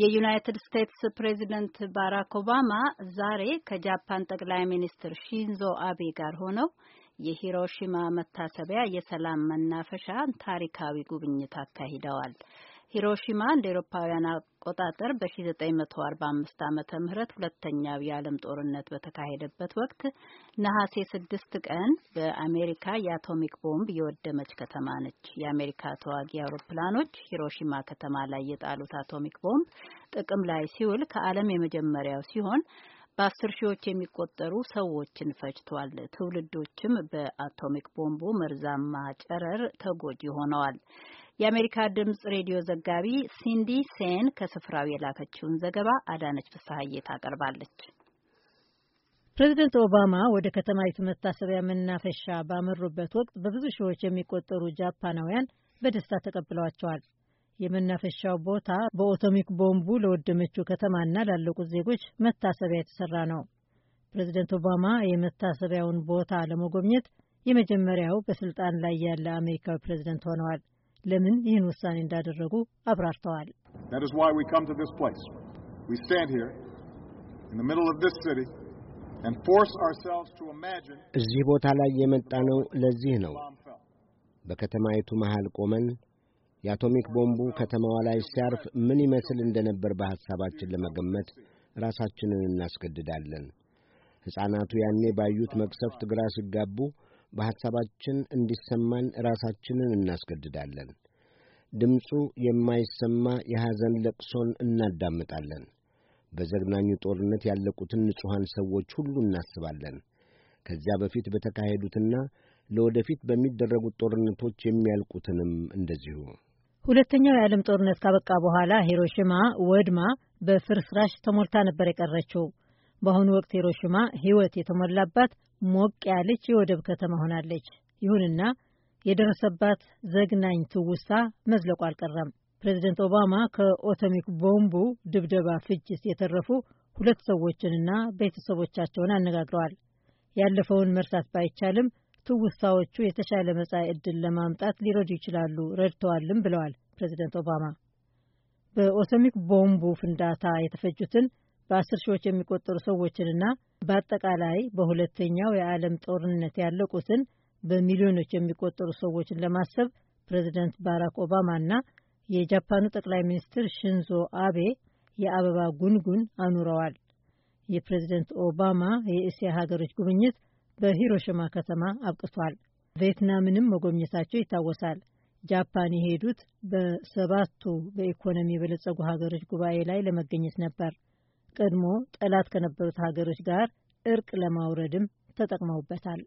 የዩናይትድ ስቴትስ ፕሬዚደንት ባራክ ኦባማ ዛሬ ከጃፓን ጠቅላይ ሚኒስትር ሺንዞ አቤ ጋር ሆነው የሂሮሺማ መታሰቢያ የሰላም መናፈሻ ታሪካዊ ጉብኝት አካሂደዋል። ሂሮሺማ እንደ ኤሮፓውያን አቆጣጠር በ1945 ዓመተ ምህረት ሁለተኛው የዓለም ጦርነት በተካሄደበት ወቅት ነሐሴ 6 ቀን በአሜሪካ የአቶሚክ ቦምብ የወደመች ከተማ ነች። የአሜሪካ ተዋጊ አውሮፕላኖች ሂሮሺማ ከተማ ላይ የጣሉት አቶሚክ ቦምብ ጥቅም ላይ ሲውል ከዓለም የመጀመሪያው ሲሆን በአስር ሺዎች የሚቆጠሩ ሰዎችን ፈጅቷል። ትውልዶችም በአቶሚክ ቦምቡ መርዛማ ጨረር ተጎጂ ሆነዋል። የአሜሪካ ድምጽ ሬዲዮ ዘጋቢ ሲንዲ ሴን ከስፍራው የላከችውን ዘገባ አዳነች ፍስሐዬ ታቀርባለች። ፕሬዚደንት ኦባማ ወደ ከተማይቱ መታሰቢያ መናፈሻ ባመሩበት ወቅት በብዙ ሺዎች የሚቆጠሩ ጃፓናውያን በደስታ ተቀብለዋቸዋል። የመናፈሻው ቦታ በኦቶሚክ ቦምቡ ለወደመችው ከተማና ላለቁት ዜጎች መታሰቢያ የተሰራ ነው። ፕሬዚደንት ኦባማ የመታሰቢያውን ቦታ ለመጎብኘት የመጀመሪያው በስልጣን ላይ ያለ አሜሪካዊ ፕሬዚደንት ሆነዋል። ለምን ይህን ውሳኔ እንዳደረጉ አብራርተዋል። እዚህ ቦታ ላይ የመጣነው ለዚህ ነው በከተማይቱ መሃል ቆመን የአቶሚክ ቦምቡ ከተማዋ ላይ ሲያርፍ ምን ይመስል እንደነበር በሐሳባችን ለመገመት ራሳችንን እናስገድዳለን። ሕፃናቱ ያኔ ባዩት መቅሰፍት ግራ ሲጋቡ በሐሳባችን እንዲሰማን ራሳችንን እናስገድዳለን። ድምፁ የማይሰማ የሐዘን ለቅሶን እናዳምጣለን። በዘግናኙ ጦርነት ያለቁትን ንጹሐን ሰዎች ሁሉ እናስባለን። ከዚያ በፊት በተካሄዱትና ለወደፊት በሚደረጉት ጦርነቶች የሚያልቁትንም እንደዚሁ። ሁለተኛው የዓለም ጦርነት ካበቃ በኋላ ሂሮሽማ ወድማ በፍርስራሽ ተሞልታ ነበር የቀረችው። በአሁኑ ወቅት ሂሮሽማ ሕይወት የተሞላባት ሞቅ ያለች የወደብ ከተማ ሆናለች። ይሁንና የደረሰባት ዘግናኝ ትውስታ መዝለቁ አልቀረም። ፕሬዚደንት ኦባማ ከኦቶሚክ ቦምቡ ድብደባ ፍጅት የተረፉ ሁለት ሰዎችንና ቤተሰቦቻቸውን አነጋግረዋል። ያለፈውን መርሳት ባይቻልም ትውስታዎቹ የተሻለ መጻኢ ዕድል ለማምጣት ሊረዱ ይችላሉ፣ ረድተዋልም ብለዋል ፕሬዚደንት ኦባማ። በኦቶሚክ ቦምቡ ፍንዳታ የተፈጁትን በአስር ሺዎች የሚቆጠሩ ሰዎችንና በአጠቃላይ በሁለተኛው የዓለም ጦርነት ያለቁትን በሚሊዮኖች የሚቆጠሩ ሰዎችን ለማሰብ ፕሬዚደንት ባራክ ኦባማና የጃፓኑ ጠቅላይ ሚኒስትር ሽንዞ አቤ የአበባ ጉንጉን አኑረዋል። የፕሬዚደንት ኦባማ የእስያ ሀገሮች ጉብኝት በሂሮሽማ ከተማ አብቅቷል። ቪየትናምንም መጎብኘታቸው ይታወሳል። ጃፓን የሄዱት በሰባቱ በኢኮኖሚ የበለጸጉ ሀገሮች ጉባኤ ላይ ለመገኘት ነበር። ቀድሞ ጠላት ከነበሩት ሀገሮች ጋር እርቅ ለማውረድም ተጠቅመውበታል።